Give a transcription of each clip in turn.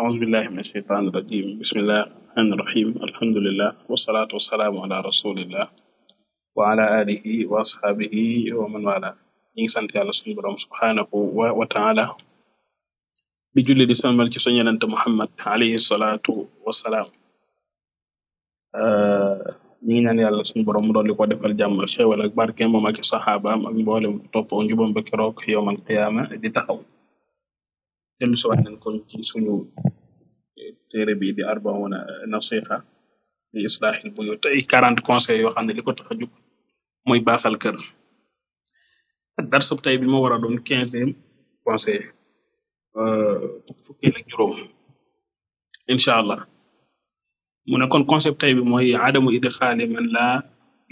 ahousubillahi min asheytan irajim bismillah rahmani rahim alhamdulilah wasalatu wasalaamu ala rasulillah wa ala wa asxaabihi wa man wala ñi ngi sant yàlla suñu boroom subhaanahu wa taala di julli di salmal ci suñu yonent Muhammad alayhi salaatu wasalaam ñu ngi ñaan yàlla suñu borom mu dolli ko defal jàmm ak xéewal ak barke moom ak saxaabaam ak mboolem topp njubam ba keroog yowmal qiyaama di taxaw dellu si waat nañ kon ci suñu eh, téere bi di arbauna nasiha li islaahil buyu tey quarante conseils yoo xam ne li ko tax a jóg baaxal kër darsub tey bi ma war a doon quinzième conseil euh, fukkeel ak juróom incha allah mu ne kon concept tey bi mooy adamu idxaali man laa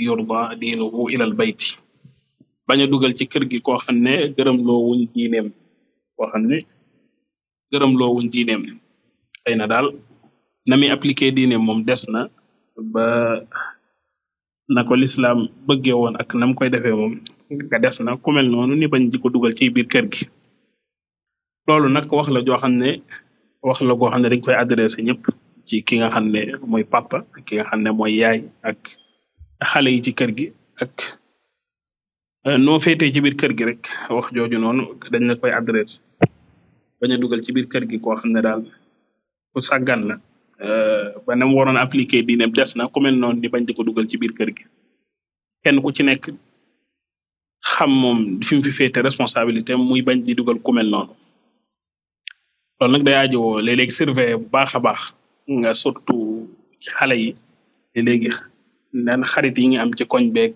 yurda diinuhu ilal bayti bañ a dugal ci kër gi koo xam ne gërëm loowuñ diineem koo xam ne gërëm loo wuñ diineem xëy na daal na muy appliquer diineem moom des na ba na ko lislaam bëggee woon ak na koy defee moom nga des na ku mel ni bañ di dugal ci biir kër gi loolu nag wax la joo xam ne wax la goo xam ne dañ koy adressé ñëpp ci ki nga xam ne mooy papa ki nga xam ne mooy yaay ak xale yi ci kër gi ak euh, noo féetee ci biir kër gi rek wax jooju noonu dañ la koy adressé bañ dugal ci biir kër gi koo xam ne daal ku sàggan la euh, ba na mu waroon appliquer diine des na ku mel noonu ni bañ di ko dugal ci biir kër gi kenn ku ci nekk xam moom fi fi féete responsabilité muy bañ di dugal ku mel noonu loolu nag day aajowoo léeg-léeg surveiller bu baax a baax nga surtout ci xale yi léegi nan xarit yi nga am ci koñ beeg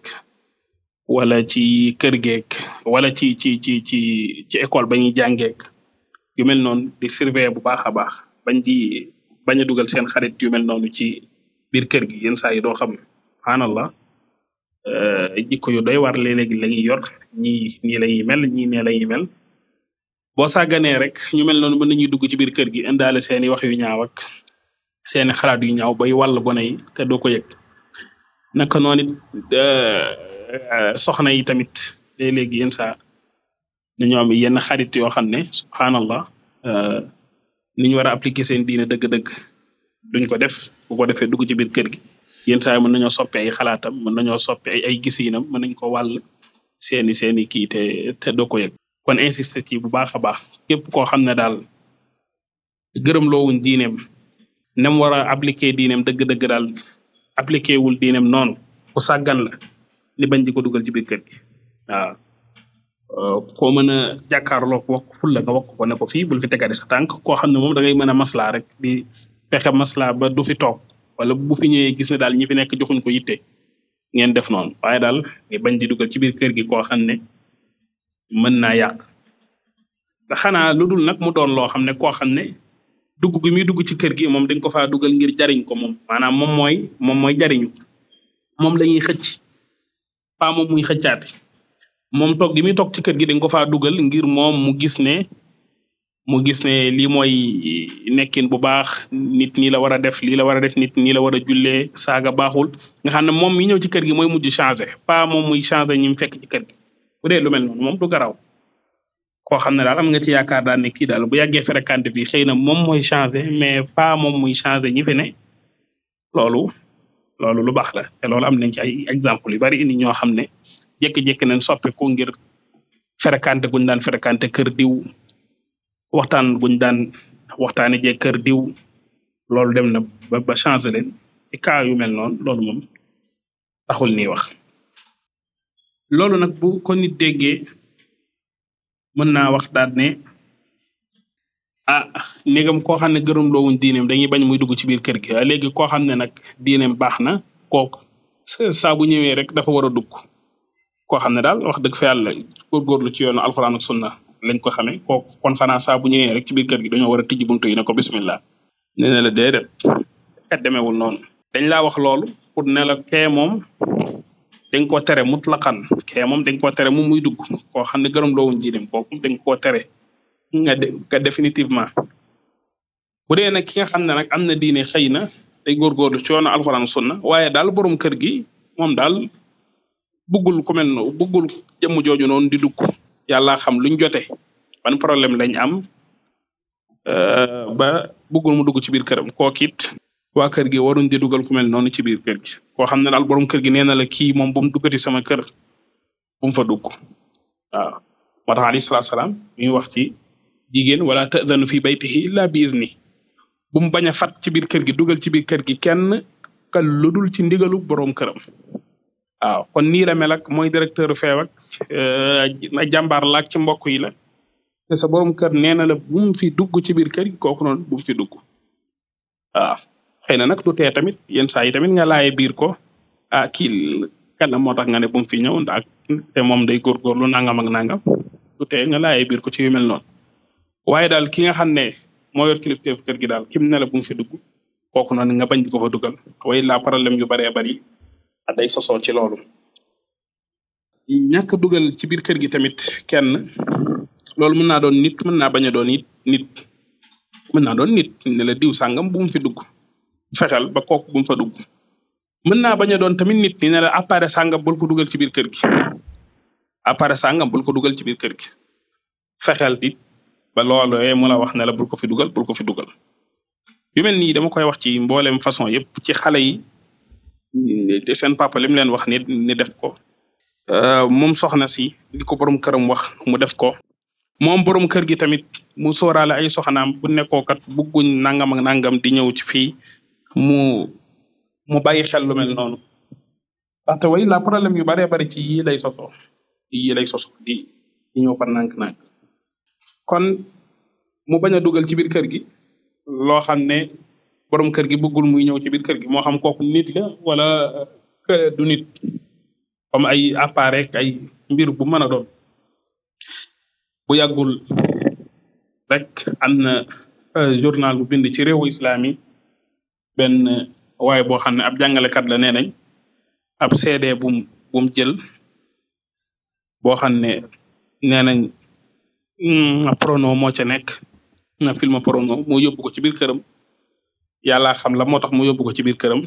wala ci kër geeg wala ci ci ci ci ci école ba ñuy jàngeeg yu mel noonu di bu baax a baax bañ di bañ a dugal seen xarit yu mel noonu ci biir kër gi yenn saa yi doo xam subhaanallah euh, jikko yu doy war léeg-léegi la ñuy yor ñii nii la ñuy mel ñii nee la ñuy mel boo sàgganee rek ñu mel noonu mën nañuy dugg ci biir kër gi indaal seeni wax yu ñaaw seeni xalaat yu ñaaw bay wàll bone yi te doo ko yëg naka noonu it euh, soxna yi tamit léeg-léegi dañoo am yenn xarit yoo xam ne subhanallah euh, ni ñu war a appliquer seen diine dëgg-dëgg duñ ko def bu ko defee dugg ci biir kër gi yenn saa yi mën nañoo soppi ay xalaatam mën nañoo soppi ay ay gisiinam mën nañ ko wàll seeni seeni kii te te doo ko yëg kon insisté bu baax a baax képp koo xam ne daal gërëm loowuñ diineem ne mu war a appliquer diineem dëgg-dëgg daal appliquer wul diineem noonu ku la ni bañ di ko dugal ci biir kër gi Euh, koo mën a jàkkaarloo wax ko fulla nga wax ko ne ko fii bul fi tegati sa tànk xam ne moom da ngay mën a maslaa rek di fexe maslaa ba du fi toog wala bu fi ñëwee gis ne daal ñi fi nekk joxuñ ko yitte ngeen def noonu waaye daal nga bañ di dugal ci biir kër gi koo xam ne mën naa yàq te xanaa lu nag mu doon loo xam ne koo xam ne dugg gi muy dugg ci kër gi moom dañ ko faa dugal ngir jariñ ko moom maanaam moom mooy moom mooy jariñu moom la ñuy muy xëccaati moom toog gi muy toog ci kër gi dañ ko faa dugal ngir moom mu gis ne mu gis ne lii mooy nekkin bu baax nit nii la war a def lii la war a def nit nii la war a jullee saaga baaxul nga xam ne moom mi ñëw ci kër gi mooy mujj changé pas moom muy changé ñi mu fekk ci kër gi lu mel moom du garaw koo xam ne daal am nga ci yaakaar daal ne kii daal bu yàggee fréquente bi xëy na moom mooy changé mais pas moom muy changé ñi fi ne loolu loolu lu baax la te loolu am nañ ci ay exemple yu bari indi ñoo xam ne jékki-jékki nañ soppeeku ngir fréquenté guñ daan fréquenté kër diw waxtaan guñ daan waxtaani jee kër diw loolu dem na ba ba changé leen ci cas yu mel noonu loolu moom taxul nii wax loolu nag bu ko nit déggee mën naa wax daal ne ah néegam koo xam ne gërëm loowuñ diineem dañuy bañ muy dugg ci biir kër gi waaye léegi koo xam ne nag diineem baax na kooku saa bu ñëwee rek dafa war a dugg koo xam ne daal wax dëgg fa yàlla góorgóorlu ci yoonu alxuraan ak sunna lañ ko xamee kooku kon xanaa saa bu ñëwee rek ci biir kër gi dañoo war a tijji buntu yi ne ko bismillah nee na laa wax lool pour ne la kee moom dañ koo tere mutlaqan kee moom dañ koo tere mu muy dugg koo xam ne gërëm loowuñ diineem kooku dañ koo tere nga nga définitivement bu dee nag ki nga xam ne nag am na diine xëy na day góorgóorlu ci yoonu alxuraan sunna waaye daal borom kër gi daal bëggul ku mel no bëggul jëmm jooju noonu di dugg yàlla xam luñ jote ban problème lañ am euh, ba bëggul mu dugg ci biir këram kookit waa kër gi waruñ di dugal ku mel noonu ci biir kër koo xam ne daal borom kër gi nee na la kii moom bu mu duggati sama kër bu fa dug waaw moo tax alayhi mi wax ci jigéen wala tadanu fi baytihi illa bi izni bu mu bañ a fat ci biir kër gi dugal ci biir kër gi kenn ka lu dul ci ndigalu borom këram waaw kon nii la mel mooy directeur feeb ak euh, jàmbaar lak ak ci mbokk yi la te sa borom kër nee na la bu fi dugg ci biir kër kooku noonu bu mu fi dugg waaw xëy na nag du tamit yenn saa yi tamit nga laaye biir ko ah kii kan moo tax nga ne bu mu fi ñëw ndax te moom day góorgóorlu nangam ak nangam du tee nga laaye biir ko ci yu mel noonu waaye daal ki nga xam ne moo yor kilifteef kër gi daal kim ne la fi dugg kooku noonu nga bañ di ko fa dugal way la problème yu baree bari day sosoo ci loolu ñàkk dugal ci biir kër gi tamit kenn loolu mën naa doon nit mën naa bañ a doon it nit mën naa doon nit ne diw sàngam bum mu fi dugg fexeel ba kooku bu fa dugg mën naa bañ a doon tamit nit ni ne la sàngam bul ko dugal ci biir kër gi appareil sàngam bul ko dugal ci biir kër gi fexeel it ba loolooyee wax ne la bul ko fi dugal bul ko fi dugal yu mel nii dama koy wax ci mboolem façon yépp ci xale yi seen papa lim leen wax ni ni def ko euh, moom soxna si li ko borom wax mu def ko moom borom kër gi tamit mu sóoraale ay soxnaam bu nekkoo kat bugguñ nangam nangam di ñëw ci fii mu mu bàyyi xel lu mel noonu ndaxte way la problème yu baree bari ci yii lay soso yii lay soso di di ñëw par nànk-nànk kon mu bañ dugal ci biir kër gi loo ne borom kër gi bëggul muy ñëw ci biir kër gi moo xam kooku nit la wala euh, du nit ay appareil ay mbir bu mën a doon bu yàggul rek am na euh, journal bind ci réewu islam yi benn waaye boo xam ne ab jàngalekat la nee nañ ab CD bum jël boo xam ne nee nañ hmm, prono moo ca nekk na film porno moo yóbbu ko ci biir këram yàllaa xam la moo tax mu yóbbu ko ci biir këram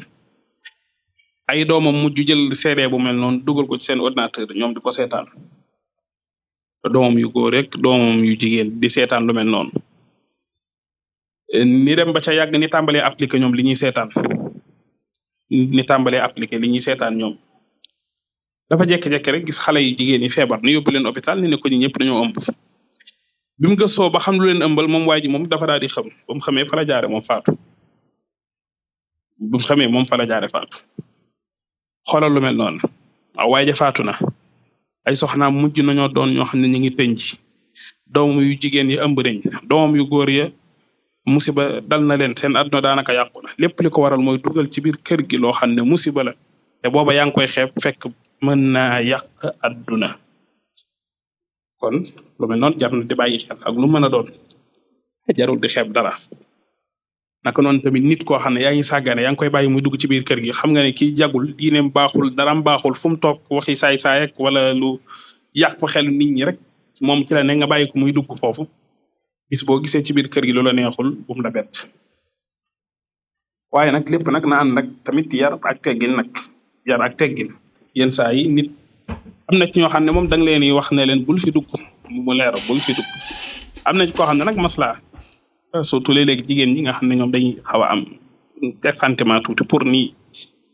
ay doomam mujj jël CD bu mel noonu dugal ko ci seen ordinateur ñoom di ko seetaan doom yu góor rek doom yu jigéen di seetaan lu mel noonu ni dem ba ca yàgg ni tàmbalee appliquer ñoom li ñuy seetaan ni tàmbalee appliquer li ñuy seetaan ñoom dafa jékki-jékki rek gis xale yu jigéen yi feebar ni yóbbu leen hôpital ni ne ko ñi ñëpp dañoo ëmb bi mu gëstoo ba xam lu leen ëmbal moom waa ji moom dafa daal di xam ba mu xamee fa jaare moom faatu bu xamee moom fa la jaare faatu xoolal lu mel noonu waaye ja faatu na ay soxnaam mujj nañoo doon ñoo xam ne ñu ngi tënj doomam yu jigéen yi ëmb nañ doomam yu góor ya musiba dal na leen seen àdduna daanaka yàqu na lépp li ko waral mooy dugal ci biir kër gi loo xam ne musiba la te booba yaa ngi koy xeeb fekk mën naa yàq àdduna kon lu mel noonu jar na ak lu mën a doon jarul di dara naka noonu tamit nit ko xam ne yaa ngi sàggane yaa ngi koy bàyyi muy dugg ci biir kër gi xam nga ne kii jagul diineem baaxul daraam baaxul fu mu toog waxi saay-saay wala lu yàq xelu nit ñi rek moom ci la ne nga bàyyi ko muy dugg foofu bis boo gisee ci biir kër gi loola neexul bum la bett nag lépp nag na ànd nag tamit yar ak teggin nag yar ak teggin yenn saa nit am na ci ñoo xam ne moom da nga leen di wax ne leen bul fi dugg mu leer am na ci xam ne nag maslaa surtout léeg-léeg jigéen ñi nga xam ne ñoom dañuy xaw a am teqantement tuuti pour ni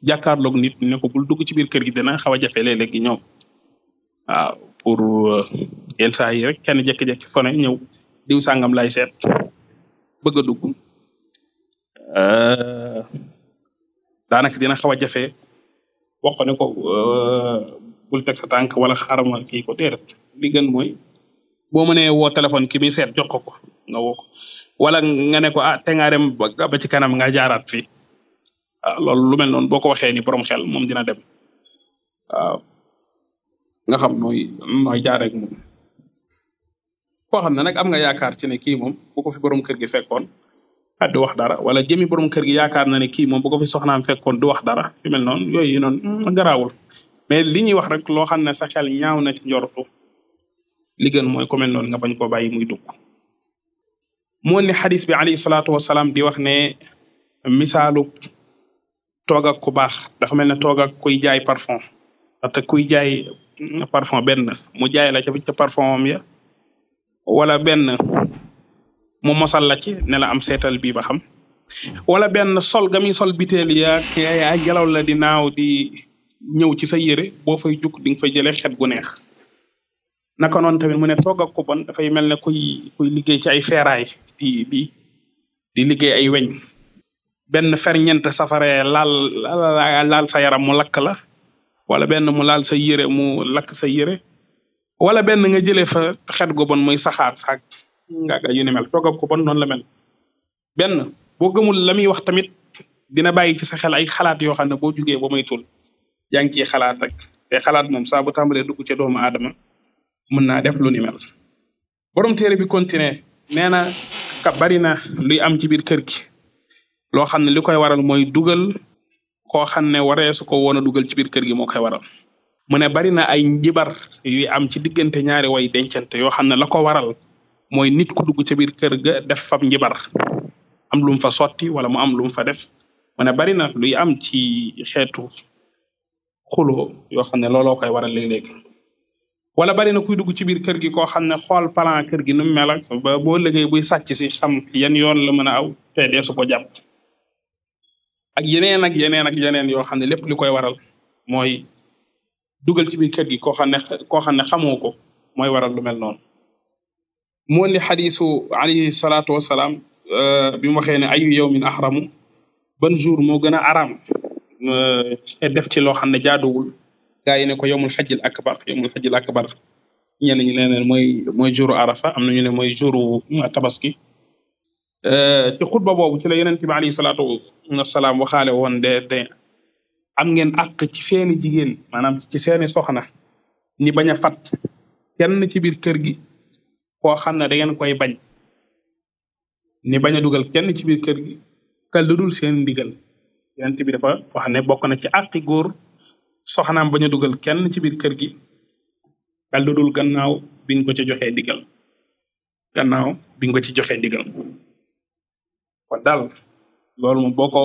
jàkkaarloog nit ne ko bul dugg ci biir kër gi dana xaw a jafe léeg-léegi ñoom waaw pour euh, yenn saa yi rek kenn jékki-jékki fone ñëw diw sàngam lay seet bëgg a dugg euh, daanaka dina xaw a jafe wax ko ne ko euh, bul teg sa tànk wala xaaral ma kii ko déedéet li gën mooy boo mënee seet jox nga woo ko wala nga ne ko a ah, te dem ba ci kanam nga jaaraat fii ah loolu lu mel noonu boo ko waxee ni borom xel moom dina dem waaw nga xam nooy nooy jaar ak moom. koo xam ne nag am nga yaakaar ci ne kii moom bu ko fi borom kër gi fekkoon a ah, du wax dara wala jëmi borom kër gi yaakaar na ne kii moom bu ko fi soxnaam fekkoon du wax dara mel noonu yooyu noonu mm. garaawul mais li ñuy wax rek loo xam ne sa xel ñaaw na ci njortu li gën mooy ku mel noonu nga bañ koo bàyyi muy dugg. mu ni xadis bi alayhi salaatu wasalaam di wax ne misaalu toog ak ku baax dafa mel ne toog ak kuy jaay parfum ndaxte kuy jaay parfon benn mu jaay la ca ca parfon am ya wala benn mu mosal la ci ne am seetal bii ba xam wala benn sol ga muy sol biteel yaa yaa la di naaw di ñëw ci sa yére boo fay jug di nga fay jëlee xet gu neex naka noonu tamit mu ne toog ak ku bon dafay mel ne kuy liggéey ci ay feeraay di di di liggéey ay weñ benn ferñent safare laal laal sa yaram mu lakk la wala benn mu laal sa yére mu lakk sa yére wala benn nga jëlee fa xet gu bon muy saxaar saak nga yu ni mel toog ak ku bon noonu la mel benn boo gëmul la muy wax tamit dina bàyyi ci sa ay xalaat yoo xam ne boo jugee ba muy tul yaa ngi ciy xalaat rek te xalaat moom saabu bu tàmbalee dugg ca doomu aadama mën naa def lu ni mel borom téere bi continuer nee na ka bari na luy am ci biir kër gi loo xam ne li koy waral mooy dugal koo xam ne wareesu ko woon dugal ci biir kër gi moo koy waral mu ne bari na ay njibar yuy am ci diggante ñaari way dencante yoo xam ne la ko waral mooy nit ku dugg ci biir kër ga def fab njibar am lu fa sotti wala mu am lu mu fa def mu ne bari na luy am ci xeetu xuloo yoo xam ne looloo koy waral léeg-léeg wala bari na kuy dugg ci biir kër gi koo xam ne xool plan kër gi nu mu mel ak boo liggéey buy sàcc si xam yen yoon la mën a aw te dee su ko jàpp ak yeneen ak yeneen ak yeneen yoo xam ne lépp li koy waral mooy dugal ci kër gi koo xam ne koo ko mooy waral lu mel noonu. moo ni xadiisu alayhi salaatu wasalaam euh, bi mu waxee ne ayu yawmin ahramu ban jour moo gën a araam euh, def ci loo xam ne jaaduwul. gaa yi ne ko yowmul xajjil akbar yowmul xajjil akbar ñenn ñi nee neen mooy mooy juru arafa am nañu ne mooy juru tabaski euh, ci ba boobu ci la yonente bi alayhi salaatu wasalaam waxaale woon de de am ngeen àq ci seeni jigéen maanaam ci seeni soxna ni bañ a fat kenn ci biir kër gi koo xam ne da koy bañ ni bañ a dugal kenn ci biir kër gi dul seen ndigal yonente bi dafa wax ne na ci àqi góor soxnaam bañ a dugal kenn ci biir kër gi dal lu dul gannaaw biñ ko ci joxee digal gannaaw biñ ko ci joxee digal kon daal loolu moom boo ko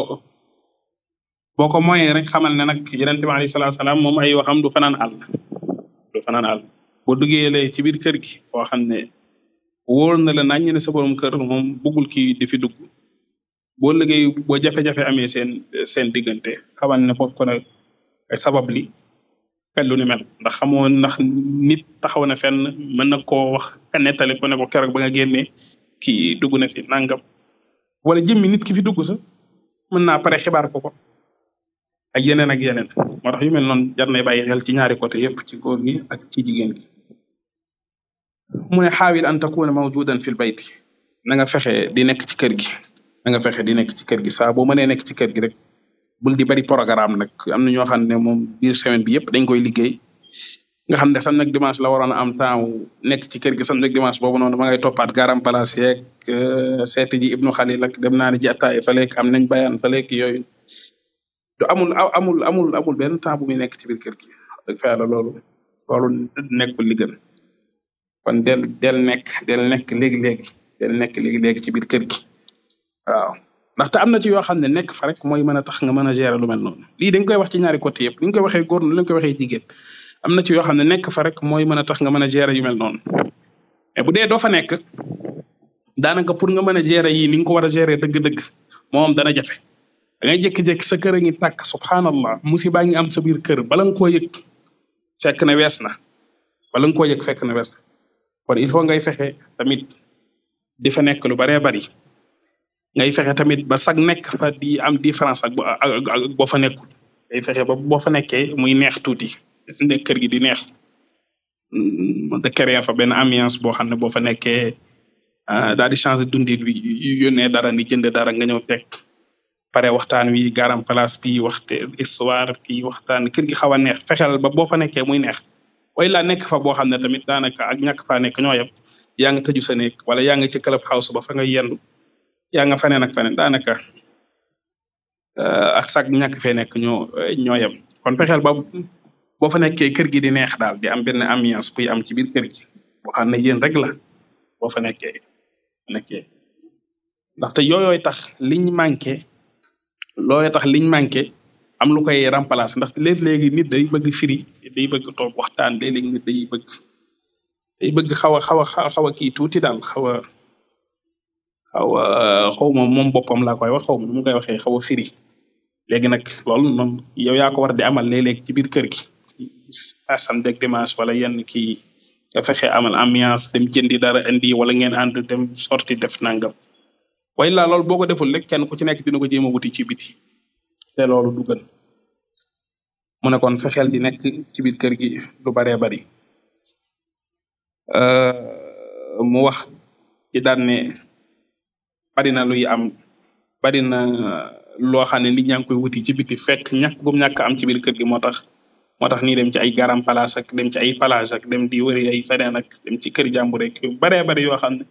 boo ko mooyee rek xamal ne nag yonent bi alayhi salaatu salaam moom ay waxam du fanaan àll du fanaan àll boo duggee lay ci biir kër gi boo xam ne wóor na la nañ ne sa borom kër moom bëggul kii di fi dugg boo liggéey boo jafe-jafe amee seen seen diggante xamal ne foofu ko nag ay sabab li lu ni mel ndax xamoo ndax nit taxaw na fenn mën na koo wax ka nettali ko ne ko keroog ba nga génnee kii dugg na fi nangam wala jëmmi nit ki fi dugg sax mën naa pare xibaar ko ko ak yeneen ak yeneen moo yu mel noonu jar na bàyyi xel ci ñaari côté yépp ci góor gi ak ci jigéen gi mu ne xaawil an takuna mawjudan fil bayti na nga fexe di nekk ci kër gi na nga fexe di nekk ci kër gi saa boo mënee nekk ci kër gi rek bul di bari programme nag am na ñoo xam ne moom biir semaine bi yëpp dañ koy liggéey nga xam ne sam nag dimanche la waroon a am temps nekk ci kër gi sam nag dimanche boobu noonu ma ngay toppaat garam place yeeg euh, seeti ji ibnu xalil ak dem naa ni ji attaay faleeg am nañ bayaan faleeg yooyu du amul amul amul amul benn temps bu nekk ci biir kër gi dëgg loolu loolu nekkul li gën kon del del nekk del nekk léegi-léegi del nekk léegi-léegi ci biir kër gi ndaxte am na ci yoo xam ne nekk fa rek mooy mën a tax nga mën a gérer lu mel noonu lii dañ koy wax ci ñaari côté yëpp ni ñu koy waxee góor ni lañ koy waxee jigéen am na ci yoo xam ne nekk fa rek mooy mën a tax nga mën a gérer yu mel noonu bu dee doo fa nekk daanaka pour nga mën a gérer yii ni nga ko war a gérer dëgg-dëgg moom dana jafe da ngay jékki-jékki sa kër a ngi tàkk subhanallah musiba ngi am sa biir kër bala nga koo yëg fekk na wees na bala nga koo yëg fekk na wees na kon il faut ngay fexe tamit di fa nekk lu baree bari ngay fexe tamit ba sag nekk fa am différence ak ak boo fa nekkul ngay fexe ba boo fa nekkee muy neex tuuti ne kër gi di neex mm, te créer fa benn ambiance boo xam ne boo fa nekkee ah, daal di changer dundin wi yónnee dara ni jënd dara nga ñëw teg pare waxtaan wi garam place bi waxte histoire kii waxtaan kër gi xaw a neex fexeel ba boo fa nekkee muy neex way laa nekk fa boo xam ne tamit daanaka ak ñàkk faa nekk ñoo yem yaa ngi tëju sa nekk wala yaa ngi ci club house ba fa nga yendu yaa nga faneen ak faneen daanaka euh, ak sax ñàkk fee nekk ñoo ñoo yem kon fexeel ba boo fa nekkee kër gi di neex daal di am benn ambiance buy am ci biir kër gi boo xam ne rek la boo fa nekkee nekkee ndaxte yooyooy tax liñ manqué looyoo tax liñ manqué am lu koy remplacer ndaxte léeg-léegi nit day bëgg firi day bëgg toog waxtaan léeg-léegi nit day bëgg day bëgg xaw a xaw a a kii tuuti daal xaw a xaw a euh, xaw ma moom boppam laa koy wax xaw ma nu mu koy waxee xaw a firi léegi nag loolu moom yow ko war di amal léeg-léeg ci biir kër gi samedi ak dimanche wala yenn kii nga fexe amal ambiance dem jëndi dara indi wala ngeen ànd dem sorti def nangam way laa loolu boo ko deful rek kenn ku ci nekk dina ko jéem a wuti ci biti te loolu du gën mu ne kon fexeel di nekk ci biir kër gi lu baree bari euh, mu wax ci bari na luy am bari na uh, loo xam ne nit ñaa ngi koy wuti ci biti fekk ñàkk gum ñàkk am ci biir kër gi moo tax moo tax nii dem ci ay garam palaas ak dem ci ay plage ak dem di wëri ay feneen ak dem ci kër jàmbur rek yu baree bari yoo xam ne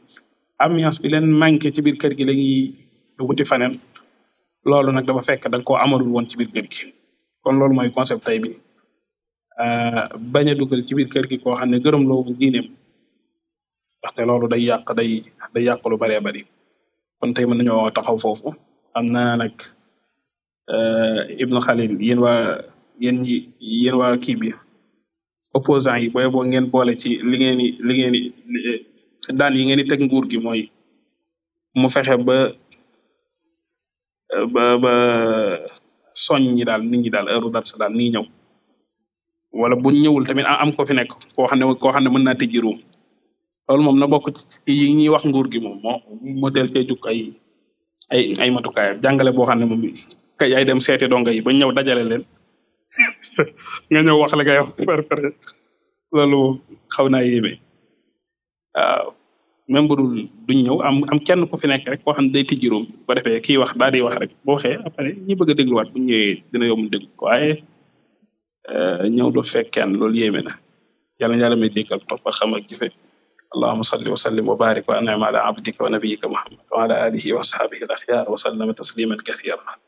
ambiance bi leen manqué ci biir kër gi la ñuy wuti feneen loolu nag dafa fekk da nga koo amalul woon ci biir kër gi kon loolu mooy concept tey bi uh, bañ a dugal ci biir kër gi koo xam ne gërëm loo diineem ndaxte loolu day yàq day day lu baree bari kon tey mën nañoo taxaw foofu am na nag eh, Ibnu Xalil yéen waa yéen ñi yéen waa kii bi opposant yi ngeen boole ci li ngeen di li ngeen yi ngeen di teg nguur gi mooy mu fexe ba ba soñ ñi daal nit ñi daal heure darsa daal nii ñëw wala bu ñëwul tamit am ko fi nekk koo xam ne koo xam ne mën naa tëjji ruum loolu moom na bokk ci yi ñuy wax nguur gi moom moo moo teel ay ay ay matukaayam jàngale boo xam ne moom kay ay dem seeti donga yi ba ñëw dajale leen nga ñëw wax la ngay wax par par loolu xaw naa yéeme waaw duñ ñëw am am kenn ku fi nekk rek ko xam ne day tijji room ba defee kii wax daal di wax rek boo waxee après ñi bëgg a dégluwaat bu ñëwee dina yomb déglu ko waaye euh, ñëw du fekk kenn loolu yéeme na yàlla na yàlla may déggal topp ak allahuma salli wa sallim wa barik wa anim ala abdika wa nabiyika muhammad wa ala alihi wa ashabihi al axyar wa sallama tasliman kathira